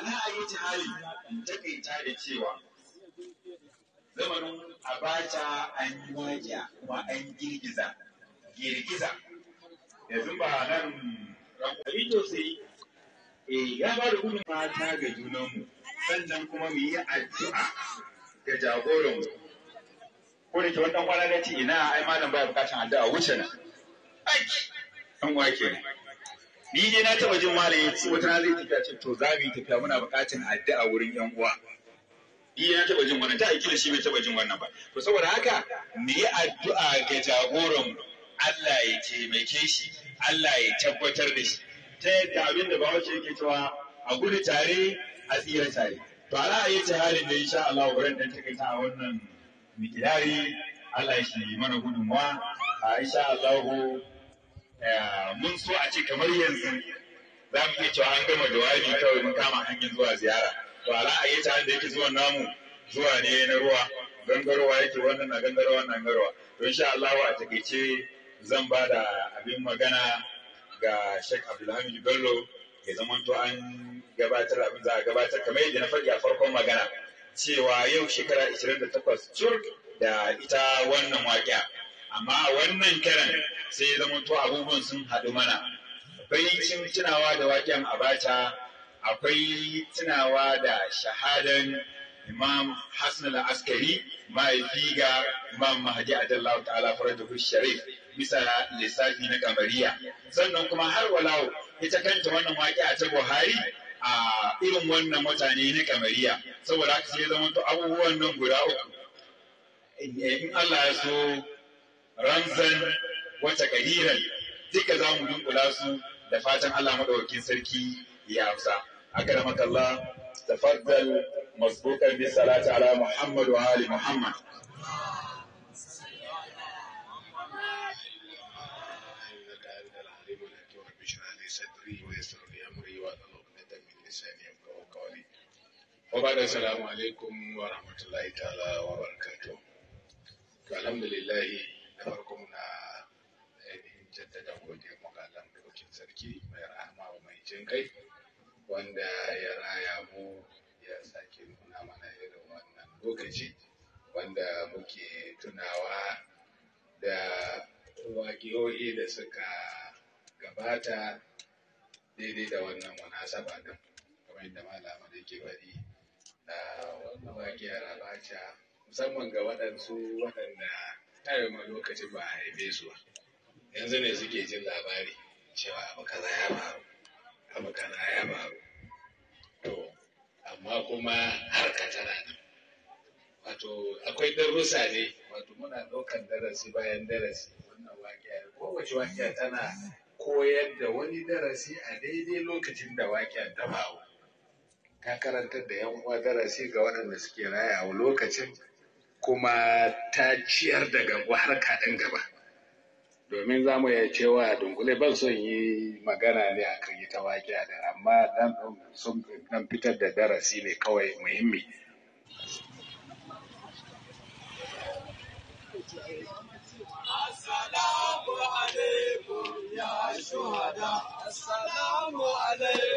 ala ta hali takaita da cewa zamanin abaca an yi wajiya kuma an girgiza girgiza yanzu ba nan rakwari to sai eh, ya ba da gudun mata ga junanmu sannan kuma mu yi addu'a ga mu. ko da ke wannan kwana ce ina ai malam ba bukatan addu'a wuce na ai an wake ne ni dai na taba jin malam yace wata na zai tafiya ce to za mu yi tafiya muna buƙatar addu'a wurin yan uwa ni na taba jin wannan ta da shi bai taba jin wannan ba to saboda haka mu yi addu'a ga jagoran Allah ya taimake shi Allah ya tabbatar da shi ta yadda abin da bawace yake cewa a gudu tare a tsira tare to a ra'ayi halin da insha Allah wurin dan take a wannan mikidari Allah shi mana gudunmawa a insha Allah Eh, mun so a ce kamar yanzu za mu iya cewa an gama jawabi kawai mun kama hanyar zuwa ziyara to ala a yace da yake zuwa namu zuwa ne na ruwa gangarowa yake wannan na gangarowa na gangarowa to insha Allah a takeice zan ba da abin magana ga Sheikh Abdulhamid Bello ya to an gabatar abin za a gabatar kamar yadda na faɗi a farkon magana cewa yau shekara 28 cur da ita wannan waƙiya amma wannan karan sai ya zama to abubuwan sun haɗu mana akwai cin tunawa da waken abacha akwai tunawa da shahadan imam hassan al-askari mahaifi ga imam mahadi adallahu ta'ala faradahu sharif bisa lissafi na kamariya sannan kuma har walau ita kanta wannan waƙi a ta buhari a irin wannan mutane na kamariya saboda haka sai zama to abubuwan nan guda uku in eh, Allah ya so ramzan wata kahiran duka za mu dunkula su da fatan Allah maɗaukakin sarki ya amsa akramaka Allah tafaddal masbukan bi salati ala Muhammad wa ali Muhammad Wabada salamu alaikum wa rahmatullahi ta'ala wa barakatuh. Alhamdulillahi kawai kuma na ainihin jaddada godiyar ga sarki mai rahama wa mai jin kai wanda ya raya mu ya sake nuna mana irin wannan lokaci wanda muke tunawa da waƙiyoyi da suka gabata daidai da wannan munasaba din kamar yadda malama da ke bari a ah, wannan abacha musamman ga waɗansu waɗanda tayo ma lokacin ba a haife su ba yanzu ne suke jin labari cewa abu kaza ya faru abu kaza ya faru to amma kuma harka tana nan wato akwai darussa ne wato muna ɗaukan darasi bayan darasi wannan waƙiya kowace waƙiya tana koyar da wani darasi a daidai lokacin da waƙiya ta bawo ta karantar da yan uwa darasi ga waɗanda suke rayawa lokacin kuma ta ciyar daga har harka gaba domin za mu iya cewa dunkule ban son yi magana ne a kan ita wake da amma dan fitar da darasi ne kawai muhimmi Assalamu alaikum ya shuhada Assalamu alaikum.